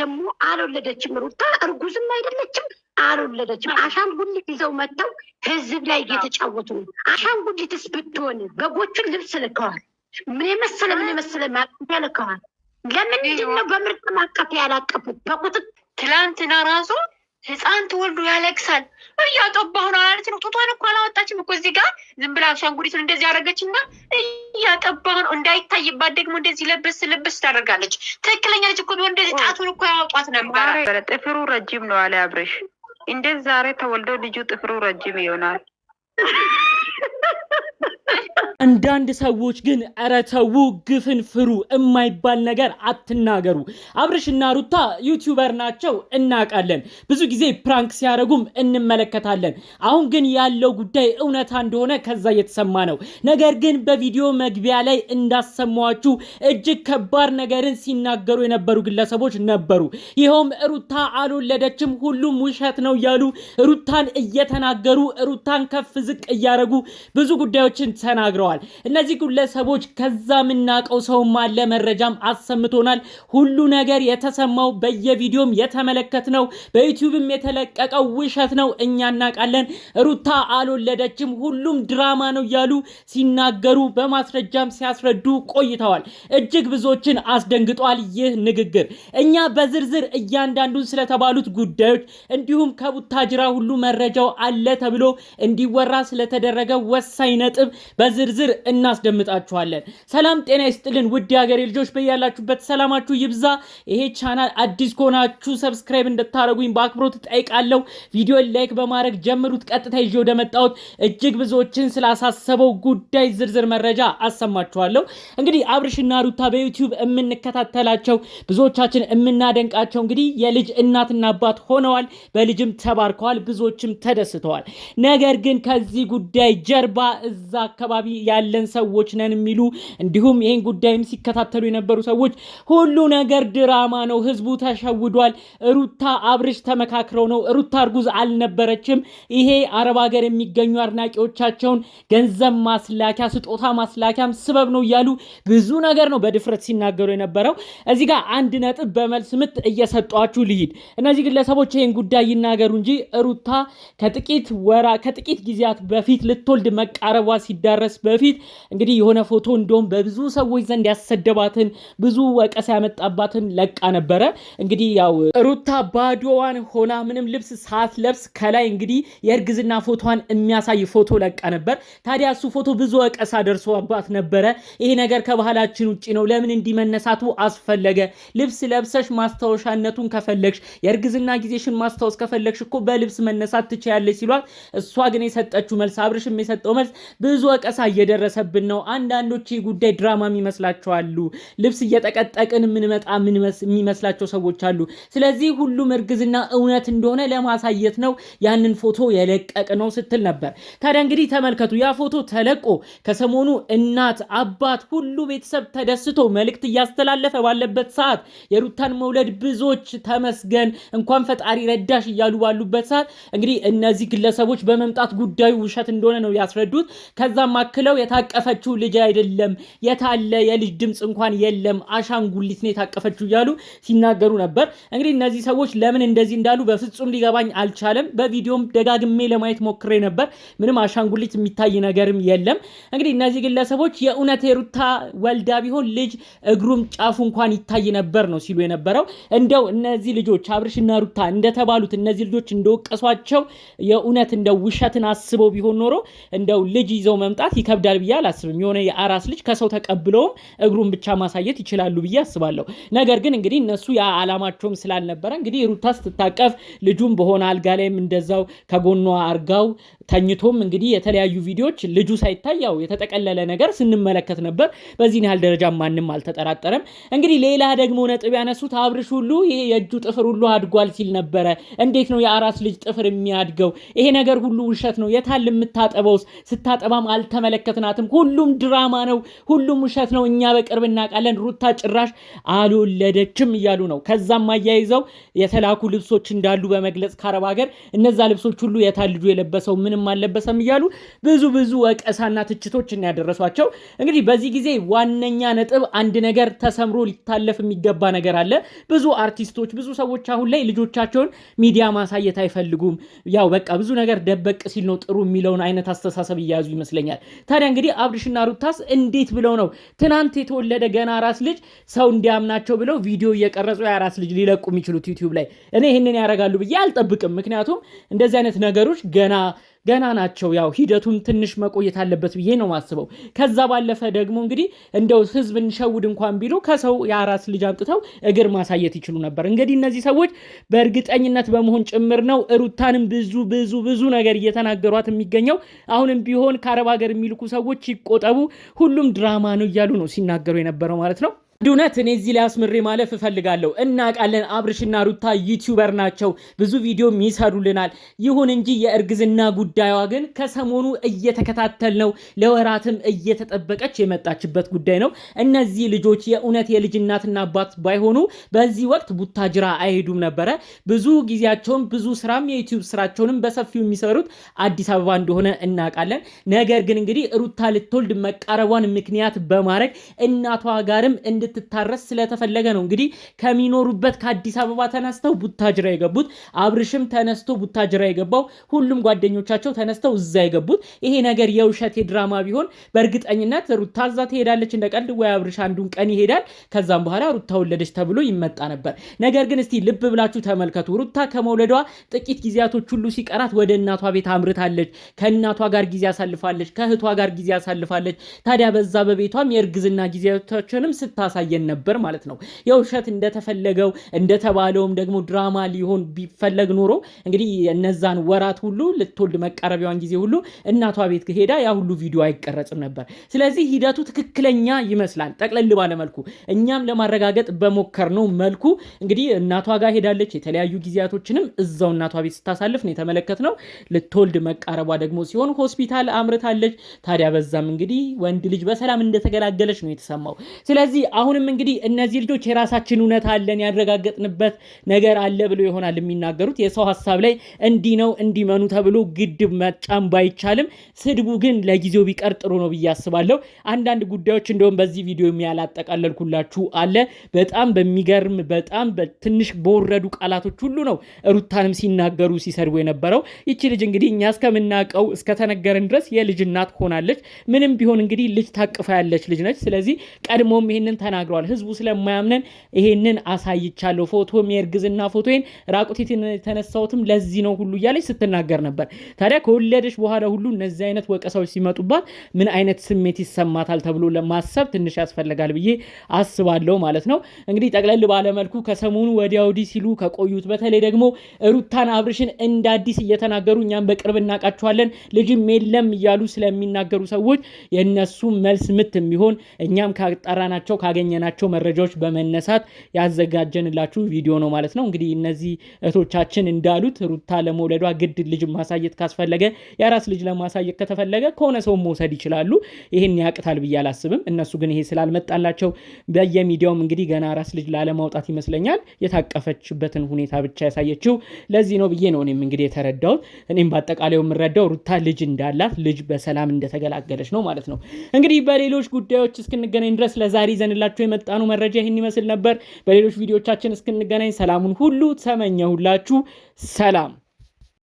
ደግሞ አልወለደችም። ሩታ እርጉዝም አይደለችም፣ አልወለደችም። አሻንጉሊት ይዘው መጥተው ህዝብ ላይ እየተጫወቱ ነው። አሻንጉሊትስ ብትሆን በጎቹን ልብስ ልከዋል። ምን የመሰለ ምን የመሰለ ማቀፊያ ልከዋል። ለምንድን ነው በምርጥ ማቀፊያ ያላቀፉት? በቁጥጥ ትላንትና ራሱ ህፃን ትወልዱ ያለቅሳል። እያጠባሁ ነው ነው። ጡቷን እኮ አላወጣችም እኮ እዚህ ጋር ዝም ብላ አሻንጉሊቱን እንደዚህ አደረገችና እያጠባሁ ነው እንዳይታይባት ደግሞ እንደዚህ ለበስ ለበስ ታደርጋለች። ትክክለኛ ልጅ እኮ ቢሆን እንደዚህ ጣቱን እኮ ያወጧት ነበረ። ጥፍሩ ረጅም ነው አለ አብረሽ። እንደዚህ ዛሬ ተወልዶ ልጁ ጥፍሩ ረጅም ይሆናል። አንዳንድ ሰዎች ግን እረተው ግፍን ፍሩ፣ የማይባል ነገር አትናገሩ። አብርሽና ሩታ ዩቲዩበር ናቸው እናውቃለን። ብዙ ጊዜ ፕራንክ ሲያደርጉም እንመለከታለን። አሁን ግን ያለው ጉዳይ እውነታ እንደሆነ ከዛ እየተሰማ ነው። ነገር ግን በቪዲዮ መግቢያ ላይ እንዳሰማችሁ እጅግ ከባድ ነገርን ሲናገሩ የነበሩ ግለሰቦች ነበሩ። ይኸውም ሩታ አልወለደችም፣ ሁሉም ውሸት ነው እያሉ ሩታን እየተናገሩ ሩታን ከፍ ዝቅ እያደረጉ ብዙ ጉዳዮችን ተናግረዋል። ተናግረዋል። እነዚህ ግለሰቦች ከዛ የምናውቀው ሰውም አለ መረጃም አሰምቶናል። ሁሉ ነገር የተሰማው በየቪዲዮም የተመለከት ነው በዩቲዩብም የተለቀቀው ውሸት ነው፣ እኛ እናውቃለን። ሩታ አልወለደችም፣ ሁሉም ድራማ ነው እያሉ ሲናገሩ በማስረጃም ሲያስረዱ ቆይተዋል። እጅግ ብዙዎችን አስደንግጧል ይህ ንግግር። እኛ በዝርዝር እያንዳንዱን ስለተባሉት ጉዳዮች እንዲሁም ከቡታጅራ ሁሉ መረጃው አለ ተብሎ እንዲወራ ስለተደረገ ወሳኝ ነጥብ በዝርዝር በዝርዝር እናስደምጣችኋለን። ሰላም ጤና ይስጥልን ውድ የሀገሬ ልጆች በያላችሁበት ሰላማችሁ ይብዛ። ይሄ ቻናል አዲስ ከሆናችሁ ሰብስክራይብ እንድታደረጉኝ በአክብሮት እጠይቃለሁ። ቪዲዮን ላይክ በማድረግ ጀምሩት። ቀጥታ ይዤ ወደ እጅግ ብዙዎችን ስላሳሰበው ጉዳይ ዝርዝር መረጃ አሰማችኋለሁ። እንግዲህ አብርሽና ሩታ በዩቲዩብ የምንከታተላቸው ብዙዎቻችን የምናደንቃቸው እንግዲህ የልጅ እናትና አባት ሆነዋል። በልጅም ተባርከዋል። ብዙዎችም ተደስተዋል። ነገር ግን ከዚህ ጉዳይ ጀርባ እዛ አካባቢ ያለን ሰዎች ነን የሚሉ እንዲሁም ይህን ጉዳይም ሲከታተሉ የነበሩ ሰዎች ሁሉ ነገር ድራማ ነው፣ ህዝቡ ተሸውዷል፣ ሩታ አብርሽ ተመካክረው ነው፣ ሩታ እርጉዝ አልነበረችም፣ ይሄ አረብ ሀገር የሚገኙ አድናቂዎቻቸውን ገንዘብ ማስላኪያ ስጦታ ማስላኪያም ስበብ ነው እያሉ ብዙ ነገር ነው በድፍረት ሲናገሩ የነበረው። እዚህ ጋር አንድ ነጥብ በመልስ ምት እየሰጧችሁ ልሂድ። እነዚህ ግለሰቦች ይህን ጉዳይ ይናገሩ እንጂ ሩታ ከጥቂት ወራ ከጥቂት ጊዜያት በፊት ልትወልድ መቃረቧ ሲዳረስ በ በፊት እንግዲህ የሆነ ፎቶ እንደውም በብዙ ሰዎች ዘንድ ያሰደባትን ብዙ ወቀሳ ያመጣባትን ለቃ ነበረ። እንግዲህ ያው ሩታ ባዶዋን ሆና ምንም ልብስ ሳትለብስ ከላይ እንግዲህ የእርግዝና ፎቶዋን የሚያሳይ ፎቶ ለቃ ነበር። ታዲያ እሱ ፎቶ ብዙ ወቀሳ ደርሶባት ነበረ። ይሄ ነገር ከባህላችን ውጭ ነው፣ ለምን እንዲመነሳቱ አስፈለገ? ልብስ ለብሰሽ ማስታወሻነቱን ከፈለግሽ የእርግዝና ጊዜሽን ማስታወስ ከፈለግሽ እኮ በልብስ መነሳት ትችያለሽ ሲሏት፣ እሷ ግን የሰጠችው መልስ አብርሽም የሰጠው መልስ ብዙ ወቀሳ እየደረሰብን ነው። አንዳንዶች ይህ ጉዳይ ድራማ የሚመስላቸዋሉ። ልብስ እየጠቀጠቅን የምንመጣ የሚመስላቸው ሰዎች አሉ። ስለዚህ ሁሉም እርግዝና እውነት እንደሆነ ለማሳየት ነው ያንን ፎቶ የለቀቅ ነው ስትል ነበር። ታዲያ እንግዲህ ተመልከቱ። ያ ፎቶ ተለቆ ከሰሞኑ እናት፣ አባት፣ ሁሉ ቤተሰብ ተደስቶ መልእክት እያስተላለፈ ባለበት ሰዓት የሩታን መውለድ ብዙዎች ተመስገን እንኳን ፈጣሪ ረዳሽ እያሉ ባሉበት ሰዓት እንግዲህ እነዚህ ግለሰቦች በመምጣት ጉዳዩ ውሸት እንደሆነ ነው ያስረዱት። ከዛም አክለው ይኸው የታቀፈችው ልጅ አይደለም፣ የታለ የልጅ ድምፅ እንኳን የለም፣ አሻንጉሊት ነው የታቀፈችው እያሉ ሲናገሩ ነበር። እንግዲህ እነዚህ ሰዎች ለምን እንደዚህ እንዳሉ በፍጹም ሊገባኝ አልቻለም። በቪዲዮም ደጋግሜ ለማየት ሞክሬ ነበር። ምንም አሻንጉሊት የሚታይ ነገርም የለም። እንግዲህ እነዚህ ግለሰቦች የእውነት የሩታ ወልዳ ቢሆን ልጅ እግሩም ጫፉ እንኳን ይታይ ነበር ነው ሲሉ የነበረው። እንደው እነዚህ ልጆች አብርሽና ሩታ እንደተባሉት እነዚህ ልጆች እንደወቀሷቸው የእውነት እንደው ውሸትን አስበው ቢሆን ኖሮ እንደው ልጅ ይዘው መምጣት ይከብዳል ይወዳል ብዬ አላስብም። የሆነ የአራስ ልጅ ከሰው ተቀብለውም እግሩን ብቻ ማሳየት ይችላሉ ብዬ አስባለሁ። ነገር ግን እንግዲህ እነሱ ያ ስላልነበረ እንግዲህ ሩታ ስትታቀፍ ልጁም በሆነ አልጋ ላይም እንደዛው ከጎኗ አርጋው ተኝቶም እንግዲህ የተለያዩ ቪዲዮዎች ልጁ ሳይታይ ያው የተጠቀለለ ነገር ስንመለከት ነበር። በዚህን ያህል ደረጃ ማንም አልተጠራጠረም። እንግዲህ ሌላ ደግሞ ነጥብ ያነሱት አብርሽ ሁሉ ይሄ የእጁ ጥፍር ሁሉ አድጓል ሲል ነበረ። እንዴት ነው የአራስ ልጅ ጥፍር የሚያድገው? ይሄ ነገር ሁሉ ውሸት ነው። የታል የምታጠበውስ? ስታጠባም አልተመለከ አልተመለከትናትም። ሁሉም ድራማ ነው፣ ሁሉም ውሸት ነው፣ እኛ በቅርብ እናውቃለን፣ ሩታ ጭራሽ አልወለደችም እያሉ ነው። ከዛም አያይዘው የተላኩ ልብሶች እንዳሉ በመግለጽ ከአረብ ሀገር እነዛ ልብሶች ሁሉ የታ ልጁ የለበሰው ምንም አልለበሰም እያሉ ብዙ ብዙ ወቀሳና ትችቶች እናያደረሷቸው። እንግዲህ በዚህ ጊዜ ዋነኛ ነጥብ አንድ ነገር ተሰምሮ ሊታለፍ የሚገባ ነገር አለ። ብዙ አርቲስቶች ብዙ ሰዎች አሁን ላይ ልጆቻቸውን ሚዲያ ማሳየት አይፈልጉም። ያው በቃ ብዙ ነገር ደበቅ ሲል ነው ጥሩ የሚለውን አይነት አስተሳሰብ እያያዙ ይመስለኛል። ታዲያ እንግዲህ አብርሽና ሩታስ እንዴት ብለው ነው ትናንት የተወለደ ገና አራስ ልጅ ሰው እንዲያምናቸው ብለው ቪዲዮ እየቀረጹ የአራስ ልጅ ሊለቁ የሚችሉት ዩቲዩብ ላይ? እኔ ይህንን ያደርጋሉ ብዬ አልጠብቅም። ምክንያቱም እንደዚህ አይነት ነገሮች ገና ገና ናቸው። ያው ሂደቱን ትንሽ መቆየት አለበት ብዬ ነው ማስበው። ከዛ ባለፈ ደግሞ እንግዲህ እንደው ህዝብ እንሸውድ እንኳን ቢሉ ከሰው የአራስ ልጅ አምጥተው እግር ማሳየት ይችሉ ነበር። እንግዲህ እነዚህ ሰዎች በእርግጠኝነት በመሆን ጭምር ነው ሩታንም ብዙ ብዙ ብዙ ነገር እየተናገሯት የሚገኘው። አሁንም ቢሆን ከአረብ ሀገር የሚልኩ ሰዎች ይቆጠቡ፣ ሁሉም ድራማ ነው እያሉ ነው ሲናገሩ የነበረው ማለት ነው። እውነት እኔ እዚህ ላይ አስምሬ ማለፍ እፈልጋለሁ። እናውቃለን አብርሽና ሩታ ዩቲዩበር ናቸው፣ ብዙ ቪዲዮም ይሰሩልናል። ይሁን እንጂ የእርግዝና ጉዳዩዋ ግን ከሰሞኑ እየተከታተል ነው፣ ለወራትም እየተጠበቀች የመጣችበት ጉዳይ ነው። እነዚህ ልጆች የእውነት የልጅ እናትና አባት ባይሆኑ በዚህ ወቅት ቡታጅራ አይሄዱም ነበረ። ብዙ ጊዜያቸውን ብዙ ስራም የዩቲዩብ ስራቸውንም በሰፊው የሚሰሩት አዲስ አበባ እንደሆነ እናውቃለን። ነገር ግን እንግዲህ ሩታ ልትወልድ መቃረቧን ምክንያት በማድረግ እናቷ ጋርም እንድ እንድትታረስ ስለተፈለገ ነው እንግዲህ ከሚኖሩበት ከአዲስ አበባ ተነስተው ቡታጅራ የገቡት። አብርሽም ተነስቶ ቡታጅራ የገባው፣ ሁሉም ጓደኞቻቸው ተነስተው እዛ የገቡት። ይሄ ነገር የውሸት የድራማ ቢሆን በእርግጠኝነት ሩታ እዛ ትሄዳለች እንደ ቀልድ፣ ወይ አብርሽ አንዱን ቀን ይሄዳል፣ ከዛም በኋላ ሩታ ወለደች ተብሎ ይመጣ ነበር። ነገር ግን እስቲ ልብ ብላችሁ ተመልከቱ። ሩታ ከመውለዷ ጥቂት ጊዜያቶች ሁሉ ሲቀራት ወደ እናቷ ቤት አምርታለች። ከእናቷ ጋር ጊዜ አሳልፋለች፣ ከእህቷ ጋር ጊዜ አሳልፋለች። ታዲያ በዛ በቤቷም የእርግዝና ጊዜያቶችንም ስታሳ ያሳየን ነበር ማለት ነው። የውሸት እንደተፈለገው እንደተባለውም ደግሞ ድራማ ሊሆን ቢፈለግ ኖሮ እንግዲህ እነዛን ወራት ሁሉ ልትወልድ መቃረቢያዋን ጊዜ ሁሉ እናቷ ቤት ሄዳ ያ ሁሉ ቪዲዮ አይቀረጽም ነበር። ስለዚህ ሂደቱ ትክክለኛ ይመስላል። ጠቅለል ባለመልኩ እኛም ለማረጋገጥ በሞከርነው መልኩ እንግዲህ እናቷ ጋር ሄዳለች። የተለያዩ ጊዜያቶችንም እዛው እናቷ ቤት ስታሳልፍ ነው የተመለከትነው። ልትወልድ መቃረቧ ደግሞ ሲሆን ሆስፒታል አምርታለች። ታዲያ በዛም እንግዲህ ወንድ ልጅ በሰላም እንደተገላገለች ነው የተሰማው። ስለዚህ አሁንም እንግዲህ እነዚህ ልጆች የራሳችን እውነት አለን ያረጋገጥንበት ነገር አለ ብሎ ይሆናል የሚናገሩት። የሰው ሀሳብ ላይ እንዲህ ነው እንዲመኑ ተብሎ ግድብ መጫን ባይቻልም ስድቡ ግን ለጊዜው ቢቀር ጥሩ ነው ብዬ አስባለሁ። አንዳንድ ጉዳዮች እንደውም በዚህ ቪዲዮ ያላጠቃለልኩላችሁ አለ። በጣም በሚገርም በጣም ትንሽ በወረዱ ቃላቶች ሁሉ ነው ሩታንም ሲናገሩ ሲሰድቡ የነበረው። ይቺ ልጅ እንግዲህ እኛ እስከምናውቀው እስከተነገረን ድረስ የልጅ እናት ሆናለች። ምንም ቢሆን እንግዲህ ልጅ ታቅፋ ያለች ልጅ ነች። ስለዚህ ቀድሞም ይህንን ተና ተናግረዋል። ህዝቡ ስለማያምነን ይሄንን አሳይቻለሁ፣ ፎቶም የእርግዝና ፎቶዬን ራቁቴት የተነሳሁትም ለዚህ ነው ሁሉ እያለች ስትናገር ነበር። ታዲያ ከወለደች በኋላ ሁሉ እነዚህ አይነት ወቀሳዎች ሲመጡባት ምን አይነት ስሜት ይሰማታል ተብሎ ለማሰብ ትንሽ ያስፈልጋል ብዬ አስባለሁ ማለት ነው። እንግዲህ ጠቅለል ባለመልኩ ከሰሞኑ ወዲያ ወዲህ ሲሉ ከቆዩት በተለይ ደግሞ ሩታን አብርሽን እንደ አዲስ እየተናገሩ እኛም በቅርብ እናውቃቸዋለን ልጅም የለም እያሉ ስለሚናገሩ ሰዎች የእነሱ መልስ ምት የሚሆን እኛም ካጠራናቸው ካገኘ ካገኘናቸው መረጃዎች በመነሳት ያዘጋጀንላችሁ ቪዲዮ ነው ማለት ነው። እንግዲህ እነዚህ እህቶቻችን እንዳሉት ሩታ ለመውለዷ ግድ ልጅ ማሳየት ካስፈለገ የአራስ ልጅ ለማሳየት ከተፈለገ ከሆነ ሰው መውሰድ ይችላሉ። ይህን ያቅታል ብዬ አላስብም። እነሱ ግን ይሄ ስላልመጣላቸው በየሚዲያውም እንግዲህ ገና አራስ ልጅ ላለማውጣት ይመስለኛል የታቀፈችበትን ሁኔታ ብቻ ያሳየችው ለዚህ ነው ብዬ ነው እኔም እንግዲህ የተረዳሁት። እኔም በአጠቃላዩ የምረዳው ሩታ ልጅ እንዳላት ልጅ በሰላም እንደተገላገለች ነው ማለት ነው። እንግዲህ በሌሎች ጉዳዮች እስክንገናኝ ድረስ ለዛሬ ይዘንላችሁ ይዘንላችሁ የመጣኑ መረጃ ይህን ይመስል ነበር። በሌሎች ቪዲዮቻችን እስክንገናኝ ሰላሙን ሁሉ ተመኘሁላችሁ። ሰላም